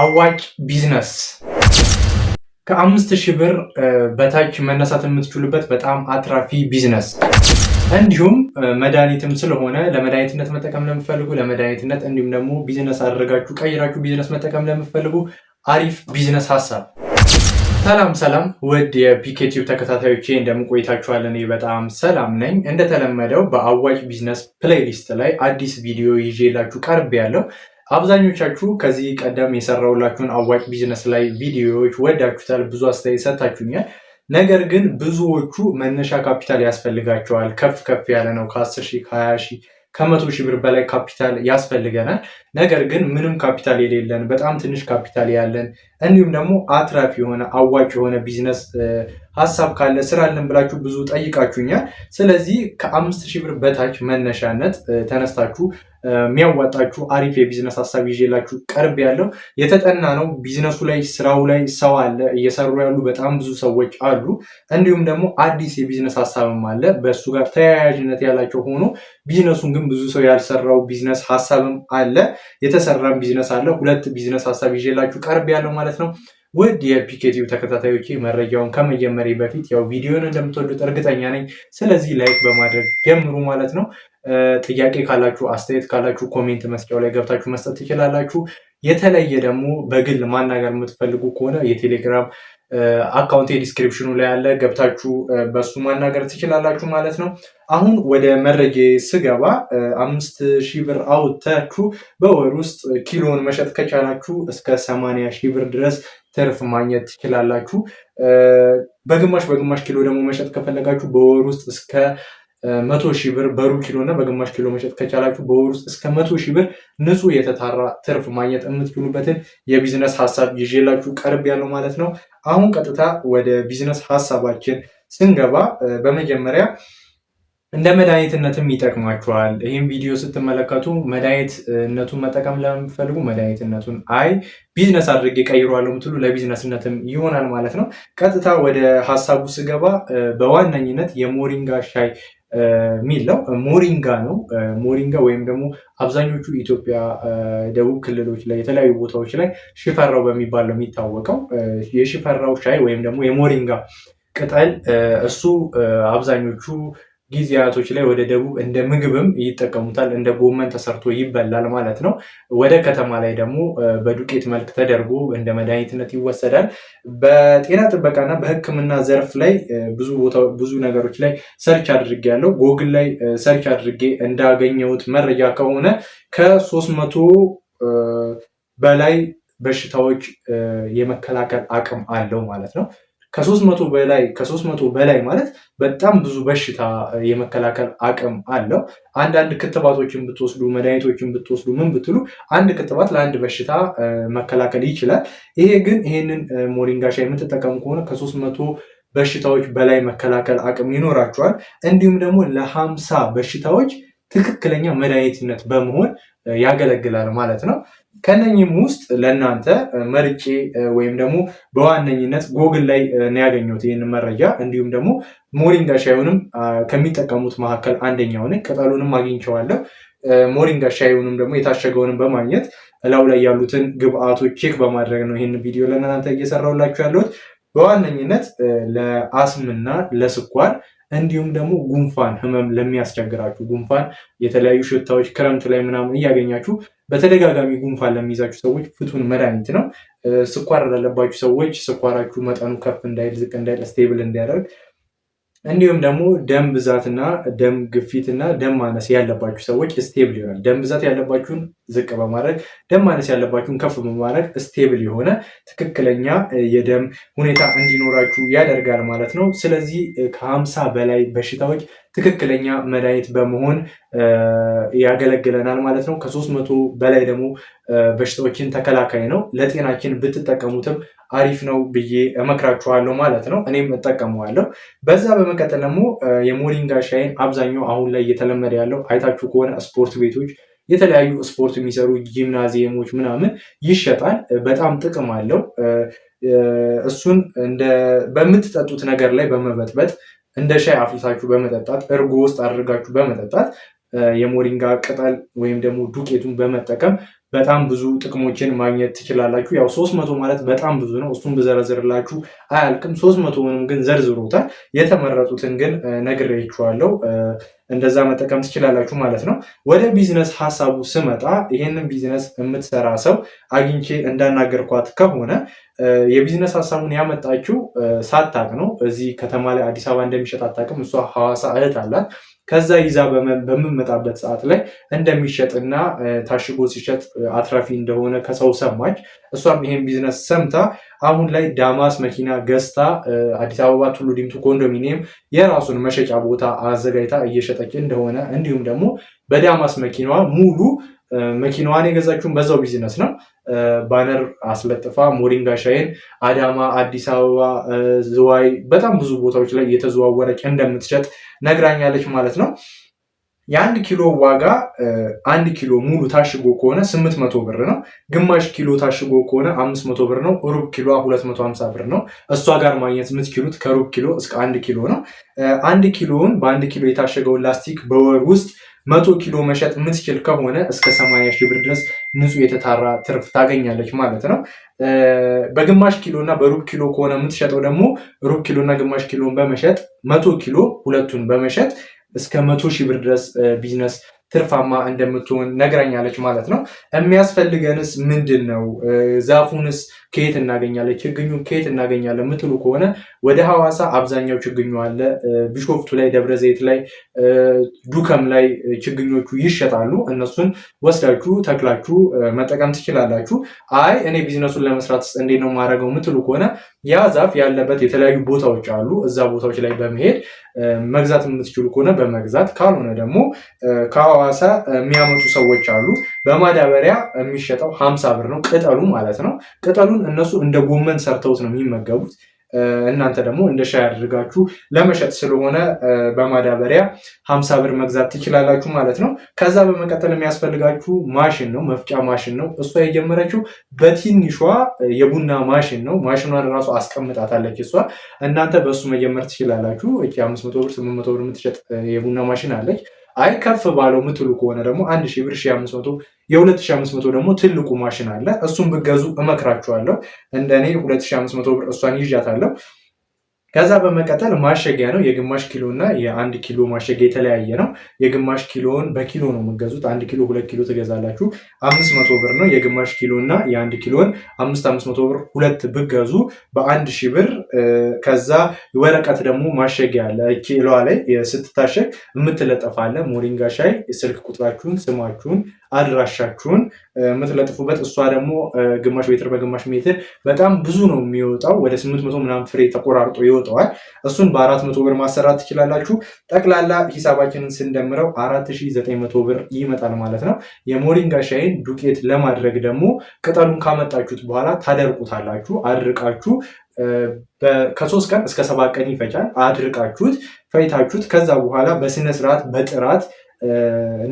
አዋጭ ቢዝነስ ከአምስት ሺህ ብር በታች መነሳት የምትችሉበት በጣም አትራፊ ቢዝነስ እንዲሁም መድኃኒትም ስለሆነ ለመድኃኒትነት መጠቀም ለምፈልጉ ለመድኃኒትነት እንዲሁም ደግሞ ቢዝነስ አድርጋችሁ ቀይራችሁ ቢዝነስ መጠቀም ለምፈልጉ አሪፍ ቢዝነስ ሀሳብ። ሰላም ሰላም፣ ውድ የፒኬቲዩብ ተከታታዮቼ እንደምን ቆይታችኋል? በጣም ሰላም ነኝ። እንደተለመደው በአዋጭ ቢዝነስ ፕሌይሊስት ላይ አዲስ ቪዲዮ ይዤላችሁ ቀርብ ያለው አብዛኞቻችሁ ከዚህ ቀደም የሰራውላችሁን አዋጭ ቢዝነስ ላይ ቪዲዮዎች ወዳችሁታል፣ ብዙ አስተያየት ሰጥታችሁኛል። ነገር ግን ብዙዎቹ መነሻ ካፒታል ያስፈልጋቸዋል። ከፍ ከፍ ያለ ነው። ከ10 ሺህ ከ20 ሺህ ከመቶ ሺህ ብር በላይ ካፒታል ያስፈልገናል። ነገር ግን ምንም ካፒታል የሌለን በጣም ትንሽ ካፒታል ያለን እንዲሁም ደግሞ አትራፊ የሆነ አዋጭ የሆነ ቢዝነስ ሀሳብ ካለ ስራ አለን ብላችሁ ብዙ ጠይቃችሁኛል። ስለዚህ ከአምስት ሺህ ብር በታች መነሻነት ተነስታችሁ የሚያዋጣችሁ አሪፍ የቢዝነስ ሀሳብ ይዤላችሁ ቀርብ ያለው የተጠና ነው። ቢዝነሱ ላይ ስራው ላይ ሰው አለ፣ እየሰሩ ያሉ በጣም ብዙ ሰዎች አሉ። እንዲሁም ደግሞ አዲስ የቢዝነስ ሀሳብም አለ በእሱ ጋር ተያያዥነት ያላቸው ሆኖ ቢዝነሱን ግን ብዙ ሰው ያልሰራው ቢዝነስ ሀሳብም አለ፣ የተሰራም ቢዝነስ አለ። ሁለት ቢዝነስ ሀሳብ ይዤላችሁ ቀርብ ያለው ማለት ነው። ውድ የፒኬቲዩ ተከታታዮቼ መረጃውን ከመጀመሪ በፊት ያው ቪዲዮን እንደምትወዱት እርግጠኛ ነኝ። ስለዚህ ላይክ በማድረግ ጀምሩ ማለት ነው። ጥያቄ ካላችሁ፣ አስተያየት ካላችሁ ኮሜንት መስጫው ላይ ገብታችሁ መስጠት ትችላላችሁ። የተለየ ደግሞ በግል ማናገር የምትፈልጉ ከሆነ የቴሌግራም አካውንት ዲስክሪፕሽኑ ላይ ያለ ገብታችሁ በሱ ማናገር ትችላላችሁ ማለት ነው። አሁን ወደ መረጃ ስገባ አምስት ሺህ ብር አውጥታችሁ በወር ውስጥ ኪሎን መሸጥ ከቻላችሁ እስከ ሰማንያ ሺህ ብር ድረስ ትርፍ ማግኘት ትችላላችሁ። በግማሽ በግማሽ ኪሎ ደግሞ መሸጥ ከፈለጋችሁ በወር ውስጥ እስከ መቶ ሺ ብር በሩብ ኪሎ እና በግማሽ ኪሎ መሸጥ ከቻላችሁ በወር ውስጥ እስከ መቶ ሺ ብር ንጹህ የተታራ ትርፍ ማግኘት የምትችሉበትን የቢዝነስ ሀሳብ ይዤላችሁ ቀርብ ያለው ማለት ነው። አሁን ቀጥታ ወደ ቢዝነስ ሀሳባችን ስንገባ በመጀመሪያ እንደ መድኃኒትነትም ይጠቅማችኋል። ይህም ቪዲዮ ስትመለከቱ መድኃኒትነቱን መጠቀም ለምፈልጉ መድኃኒትነቱን አይ ቢዝነስ አድርጌ ቀይሯለሁ ምትሉ ለቢዝነስነትም ይሆናል ማለት ነው። ቀጥታ ወደ ሀሳቡ ስገባ በዋነኝነት የሞሪንጋ ሻይ የሚለው ሞሪንጋ ነው። ሞሪንጋ ወይም ደግሞ አብዛኞቹ ኢትዮጵያ ደቡብ ክልሎች ላይ የተለያዩ ቦታዎች ላይ ሽፈራው በሚባል ነው የሚታወቀው። የሽፈራው ሻይ ወይም ደግሞ የሞሪንጋ ቅጠል እሱ አብዛኞቹ ጊዜያቶች ላይ ወደ ደቡብ እንደ ምግብም ይጠቀሙታል። እንደ ጎመን ተሰርቶ ይበላል ማለት ነው። ወደ ከተማ ላይ ደግሞ በዱቄት መልክ ተደርጎ እንደ መድኃኒትነት ይወሰዳል። በጤና ጥበቃና በሕክምና ዘርፍ ላይ ብዙ ብዙ ነገሮች ላይ ሰርች አድርጌ ያለው ጎግል ላይ ሰርች አድርጌ እንዳገኘሁት መረጃ ከሆነ ከሶስት መቶ በላይ በሽታዎች የመከላከል አቅም አለው ማለት ነው። ከሶስት መቶ በላይ ከሶስት መቶ በላይ ማለት በጣም ብዙ በሽታ የመከላከል አቅም አለው። አንዳንድ ክትባቶችን ብትወስዱ መድኃኒቶችን ብትወስዱ ምን ብትሉ አንድ ክትባት ለአንድ በሽታ መከላከል ይችላል። ይሄ ግን ይሄንን ሞሪንጋ ሻይ የምትጠቀሙ ከሆነ ከሶስት መቶ በሽታዎች በላይ መከላከል አቅም ይኖራቸዋል። እንዲሁም ደግሞ ለሀምሳ በሽታዎች ትክክለኛ መድኃኒትነት በመሆን ያገለግላል ማለት ነው። ከነኝም ውስጥ ለእናንተ መርጬ ወይም ደግሞ በዋነኝነት ጎግል ላይ ነው ያገኘሁት መረጃ። እንዲሁም ደግሞ ሞሪንጋ ሻዩንም ከሚጠቀሙት መካከል አንደኛው ነኝ። ቅጠሉንም አግኝቸዋለሁ። ሞሪንጋ ሻዩንም ደግሞ የታሸገውንም በማግኘት እላው ላይ ያሉትን ግብአቶች ቼክ በማድረግ ነው ይህን ቪዲዮ ለእናንተ እየሰራሁላችሁ ያለሁት። በዋነኝነት ለአስምና ለስኳር እንዲሁም ደግሞ ጉንፋን ህመም ለሚያስቸግራችሁ ጉንፋን የተለያዩ ሽታዎች ክረምት ላይ ምናምን እያገኛችሁ በተደጋጋሚ ጉንፋን ለሚይዛችሁ ሰዎች ፍቱን መድኃኒት ነው። ስኳር ላለባችሁ ሰዎች ስኳራችሁ መጠኑ ከፍ እንዳይል ዝቅ እንዳይል ስቴብል እንዲያደርግ እንዲሁም ደግሞ ደም ብዛትና ደም ግፊትና ደም ማነስ ያለባችሁ ሰዎች ስቴብል ይሆናል። ደም ብዛት ያለባችሁን ዝቅ በማድረግ ደም ማነስ ያለባችሁን ከፍ በማድረግ ስቴብል የሆነ ትክክለኛ የደም ሁኔታ እንዲኖራችሁ ያደርጋል ማለት ነው። ስለዚህ ከሀምሳ በላይ በሽታዎች ትክክለኛ መድኃኒት በመሆን ያገለግለናል ማለት ነው። ከሶስት መቶ በላይ ደግሞ በሽታዎችን ተከላካይ ነው። ለጤናችን ብትጠቀሙትም አሪፍ ነው ብዬ እመክራችኋለሁ ማለት ነው። እኔም እጠቀመዋለሁ። በዛ በመቀጠል ደግሞ የሞሪንጋ ሻይን አብዛኛው አሁን ላይ እየተለመደ ያለው አይታችሁ ከሆነ ስፖርት ቤቶች የተለያዩ ስፖርት የሚሰሩ ጂምናዚየሞች ምናምን ይሸጣል። በጣም ጥቅም አለው። እሱን በምትጠጡት ነገር ላይ በመበጥበጥ እንደ ሻይ አፍልታችሁ በመጠጣት እርጎ ውስጥ አድርጋችሁ በመጠጣት የሞሪንጋ ቅጠል ወይም ደግሞ ዱቄቱን በመጠቀም በጣም ብዙ ጥቅሞችን ማግኘት ትችላላችሁ። ያው ሶስት መቶ ማለት በጣም ብዙ ነው። እሱም ብዘረዝርላችሁ አያልቅም። ሶስት መቶ ምንም ግን ዘርዝሮታል። የተመረጡትን ግን ነግሬያችኋለሁ። እንደዛ መጠቀም ትችላላችሁ ማለት ነው። ወደ ቢዝነስ ሀሳቡ ስመጣ ይሄንን ቢዝነስ የምትሰራ ሰው አግኝቼ እንዳናገርኳት ከሆነ የቢዝነስ ሀሳቡን ያመጣችው ሳታቅ ነው። እዚህ ከተማ ላይ አዲስ አበባ እንደሚሸጥ አታውቅም። እሷ ሐዋሳ እህት አላት ከዛ ይዛ በምመጣበት ሰዓት ላይ እንደሚሸጥና ታሽጎ ሲሸጥ አትራፊ እንደሆነ ከሰው ሰማች። እሷም ይሄን ቢዝነስ ሰምታ አሁን ላይ ዳማስ መኪና ገዝታ አዲስ አበባ ቱሉ ዲምቱ ኮንዶሚኒየም የራሱን መሸጫ ቦታ አዘጋጅታ እየሸጠች እንደሆነ እንዲሁም ደግሞ በዳማስ መኪናዋ ሙሉ መኪናዋን የገዛችውን በዛው ቢዝነስ ነው ባነር አስለጥፋ ሞሪንጋ ሻይን አዳማ፣ አዲስ አበባ፣ ዝዋይ በጣም ብዙ ቦታዎች ላይ እየተዘዋወረች እንደምትሸጥ ነግራኛለች ማለት ነው። የአንድ ኪሎ ዋጋ አንድ ኪሎ ሙሉ ታሽጎ ከሆነ ስምንት መቶ ብር ነው። ግማሽ ኪሎ ታሽጎ ከሆነ አምስት መቶ ብር ነው። ሩብ ኪሎ ሁለት መቶ ሀምሳ ብር ነው። እሷ ጋር ማግኘት የምትችሉት ከሩብ ኪሎ እስከ አንድ ኪሎ ነው። አንድ ኪሎውን በአንድ ኪሎ የታሸገውን ላስቲክ በወር ውስጥ መቶ ኪሎ መሸጥ የምትችል ከሆነ እስከ ሰማንያ ሺህ ብር ድረስ ንጹህ የተታራ ትርፍ ታገኛለች ማለት ነው። በግማሽ ኪሎ እና በሩብ ኪሎ ከሆነ የምትሸጠው ደግሞ ሩብ ኪሎ እና ግማሽ ኪሎን በመሸጥ መቶ ኪሎ ሁለቱን በመሸጥ እስከ መቶ ሺህ ብር ድረስ ቢዝነስ ትርፋማ እንደምትሆን ነግራኛለች ማለት ነው። የሚያስፈልገንስ ምንድን ነው? ዛፉንስ ከየት እናገኛለን? ችግኙን ከየት እናገኛለን የምትሉ ከሆነ ወደ ሐዋሳ አብዛኛው ችግኙ አለ። ቢሾፍቱ ላይ፣ ደብረ ዘይት ላይ፣ ዱከም ላይ ችግኞቹ ይሸጣሉ። እነሱን ወስዳችሁ ተክላችሁ መጠቀም ትችላላችሁ። አይ እኔ ቢዝነሱን ለመስራት እንዴት ነው ማድረገው የምትሉ ከሆነ ያ ዛፍ ያለበት የተለያዩ ቦታዎች አሉ። እዛ ቦታዎች ላይ በመሄድ መግዛት የምትችሉ ከሆነ በመግዛት ካልሆነ ደግሞ ከሐዋሳ የሚያመጡ ሰዎች አሉ። በማዳበሪያ የሚሸጠው ሀምሳ ብር ነው፣ ቅጠሉ ማለት ነው። ቅጠሉን እነሱ እንደ ጎመን ሰርተውት ነው የሚመገቡት። እናንተ ደግሞ እንደ ሻይ አድርጋችሁ ለመሸጥ ስለሆነ በማዳበሪያ ሀምሳ ብር መግዛት ትችላላችሁ ማለት ነው። ከዛ በመቀጠል የሚያስፈልጋችሁ ማሽን ነው፣ መፍጫ ማሽን ነው። እሷ የጀመረችው በትንሿ የቡና ማሽን ነው። ማሽኗን ራሱ አስቀምጣታለች እሷ። እናንተ በእሱ መጀመር ትችላላችሁ። እ አምስት መቶ ብር ስምንት መቶ ብር የምትሸጥ የቡና ማሽን አለች። አይ ከፍ ባለው ምትሉ ከሆነ ደግሞ አንድ ሺህ ብር ሺህ አምስት መቶ የሁለት አምስት መቶ ደግሞ ትልቁ ማሽን አለ። እሱን ብገዙ እመክራችኋለሁ። እንደኔ ሁለት ሺህ አምስት መቶ ብር እሷን ይዣታለሁ። ከዛ በመቀጠል ማሸጊያ ነው። የግማሽ ኪሎ እና የአንድ ኪሎ ማሸጊያ የተለያየ ነው። የግማሽ ኪሎን በኪሎ ነው የምገዙት። አንድ ኪሎ ሁለት ኪሎ ትገዛላችሁ። አምስት መቶ ብር ነው የግማሽ ኪሎ እና የአንድ ኪሎን አምስት አምስት መቶ ብር ሁለት ብገዙ በአንድ ሺህ ብር። ከዛ ወረቀት ደግሞ ማሸጊያ አለ። ኪሎዋ ላይ ስትታሸግ የምትለጠፋለ ሞሪንጋ ሻይ ስልክ ቁጥራችሁን ስማችሁን አድራሻችሁን የምትለጥፉበት እሷ ደግሞ ግማሽ ሜትር በግማሽ ሜትር በጣም ብዙ ነው የሚወጣው። ወደ ስምንት መቶ ምናምን ፍሬ ተቆራርጦ ይወጣዋል። እሱን በአራት መቶ ብር ማሰራት ትችላላችሁ። ጠቅላላ ሂሳባችንን ስንደምረው አራት ሺ ዘጠኝ መቶ ብር ይመጣል ማለት ነው። የሞሪንጋ ሻይን ዱቄት ለማድረግ ደግሞ ቅጠሉን ካመጣችሁት በኋላ ታደርቁታላችሁ። አድርቃችሁ ከሶስት ቀን እስከ ሰባት ቀን ይፈጫል አድርቃችሁት ፈይታችሁት ከዛ በኋላ በስነ ስርዓት በጥራት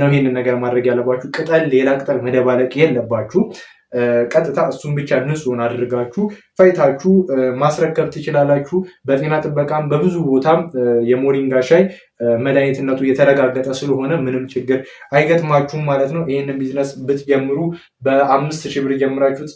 ነው ይሄንን ነገር ማድረግ ያለባችሁ። ቅጠል ሌላ ቅጠል መደባለቅ የለባችሁ። ቀጥታ እሱን ብቻ ንጹህን አድርጋችሁ ፈይታችሁ ማስረከብ ትችላላችሁ። በጤና ጥበቃም በብዙ ቦታም የሞሪንጋ ሻይ መድኃኒትነቱ የተረጋገጠ ስለሆነ ምንም ችግር አይገጥማችሁም ማለት ነው። ይህንን ቢዝነስ ብትጀምሩ በአምስት ሺህ ብር ጀምራችሁት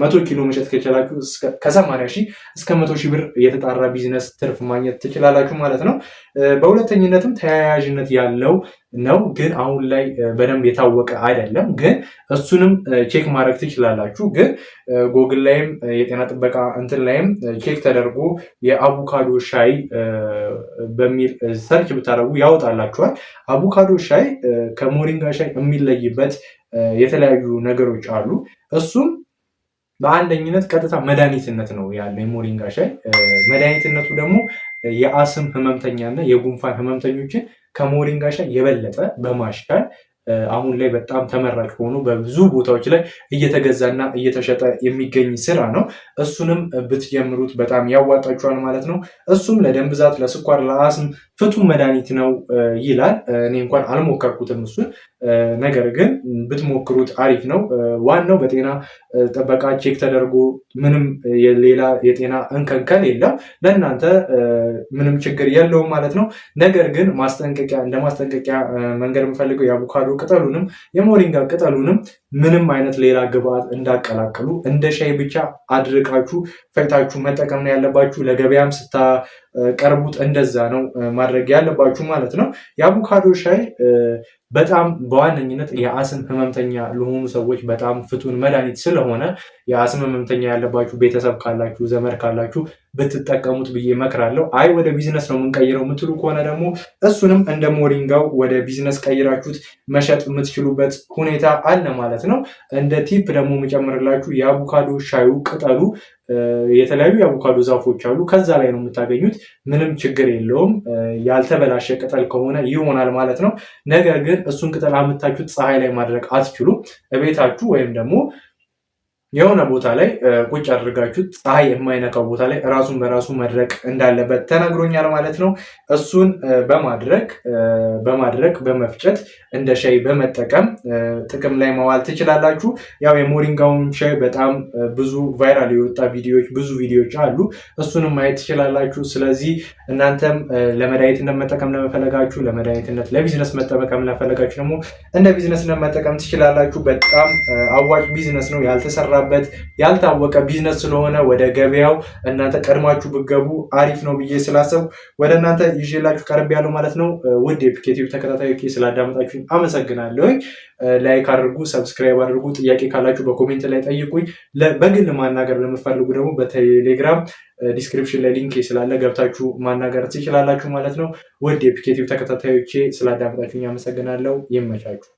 መቶ ኪሎ መሸጥ ከቻላችሁ ከሰማንያ ሺህ እስከ መቶ ሺህ ብር የተጣራ ቢዝነስ ትርፍ ማግኘት ትችላላችሁ ማለት ነው። በሁለተኝነትም ተያያዥነት ያለው ነው፣ ግን አሁን ላይ በደንብ የታወቀ አይደለም፣ ግን እሱንም ቼክ ማድረግ ትችላላችሁ። ግን ጎግል ላይም የጤና ጥበቃ እንትን ላይም ቼክ ተደርጎ የአቮካዶ ሻይ በሚል ሰርች ብታደርጉ ያወጣላችኋል። አቮካዶ ሻይ ከሞሪንጋ ሻይ የሚለይበት የተለያዩ ነገሮች አሉ እሱም በአንደኝነት ቀጥታ መድኃኒትነት ነው ያለ የሞሪንጋ ሻይ። መድኃኒትነቱ ደግሞ የአስም እና የጉንፋን ህመምተኞችን ከሞሪንጋ ሻይ የበለጠ በማሽካል አሁን ላይ በጣም ተመራጭ ሆኖ በብዙ ቦታዎች ላይ እየተገዛና እየተሸጠ የሚገኝ ስራ ነው። እሱንም ብትጀምሩት በጣም ያዋጣችኋል ማለት ነው። እሱም ለደም ብዛት፣ ለስኳር፣ ለአስም ፍቱን መድኃኒት ነው ይላል። እኔ እንኳን አልሞከርኩትም እሱን ነገር ግን ብትሞክሩት አሪፍ ነው። ዋናው በጤና ጥበቃ ቼክ ተደርጎ ምንም ሌላ የጤና እንከንከል የለም፣ ለእናንተ ምንም ችግር የለውም ማለት ነው። ነገር ግን ማስጠንቀቂያ እንደ ማስጠንቀቂያ መንገድ የምፈልገው የአቮካዶ ቅጠሉንም የሞሪንጋ ቅጠሉንም ምንም አይነት ሌላ ግብአት እንዳቀላቀሉ እንደ ሻይ ብቻ አድርቃችሁ ፈጭታችሁ መጠቀም ነው ያለባችሁ። ለገበያም ስታቀርቡት እንደዛ ነው ማድረግ ያለባችሁ ማለት ነው። የአቮካዶ ሻይ በጣም በዋነኝነት የአስም ህመምተኛ ለሆኑ ሰዎች በጣም ፍቱን መድኃኒት ስለሆነ የአስም ህመምተኛ ያለባችሁ ቤተሰብ ካላችሁ፣ ዘመድ ካላችሁ ብትጠቀሙት ብዬ መክራለሁ አይ ወደ ቢዝነስ ነው የምንቀይረው የምትሉ ከሆነ ደግሞ እሱንም እንደ ሞሪንጋው ወደ ቢዝነስ ቀይራችሁት መሸጥ የምትችሉበት ሁኔታ አለ ማለት ነው። እንደ ቲፕ ደግሞ የምጨምርላችሁ የአቮካዶ ሻዩ ቅጠሉ የተለያዩ የአቮካዶ ዛፎች አሉ። ከዛ ላይ ነው የምታገኙት። ምንም ችግር የለውም። ያልተበላሸ ቅጠል ከሆነ ይሆናል ማለት ነው። ነገር ግን እሱን ቅጠል አምታችሁት ፀሐይ ላይ ማድረግ አትችሉም። እቤታችሁ ወይም ደግሞ የሆነ ቦታ ላይ ቁጭ አድርጋችሁት ፀሐይ የማይነካው ቦታ ላይ ራሱን በራሱ መድረቅ እንዳለበት ተነግሮኛል ማለት ነው። እሱን በማድረግ በማድረግ በመፍጨት እንደ ሻይ በመጠቀም ጥቅም ላይ ማዋል ትችላላችሁ። ያው የሞሪንጋውን ሻይ በጣም ብዙ ቫይራል የወጣ ቪዲዮዎች ብዙ ቪዲዮዎች አሉ። እሱንም ማየት ትችላላችሁ። ስለዚህ እናንተም ለመድኃኒትነት መጠቀም ለመፈለጋችሁ ለመድኃኒትነት ለቢዝነስ መጠቀም ለፈለጋችሁ ደግሞ እንደ ቢዝነስነት መጠቀም ትችላላችሁ። በጣም አዋጭ ቢዝነስ ነው ያልተሰራ የተሰራበት ያልታወቀ ቢዝነስ ስለሆነ ወደ ገበያው እናንተ ቀድማችሁ ብገቡ አሪፍ ነው ብዬ ስላሰብ ወደ እናንተ ይዤላችሁ ቀርብ ያለው ማለት ነው። ውድ የፒኬቲቭ ተከታታዮች ስላዳመጣችሁ አመሰግናለሁኝ። ላይክ አድርጉ፣ ሰብስክራይብ አድርጉ። ጥያቄ ካላችሁ በኮሜንት ላይ ጠይቁኝ። በግል ማናገር ለምፈልጉ ደግሞ በቴሌግራም ዲስክሪፕሽን ላይ ሊንክ ስላለ ገብታችሁ ማናገር ትችላላችሁ ማለት ነው። ውድ የፒኬቲቭ ተከታታዮቼ ስላዳመጣችሁኝ አመሰግናለሁ። ይመቻችሁ።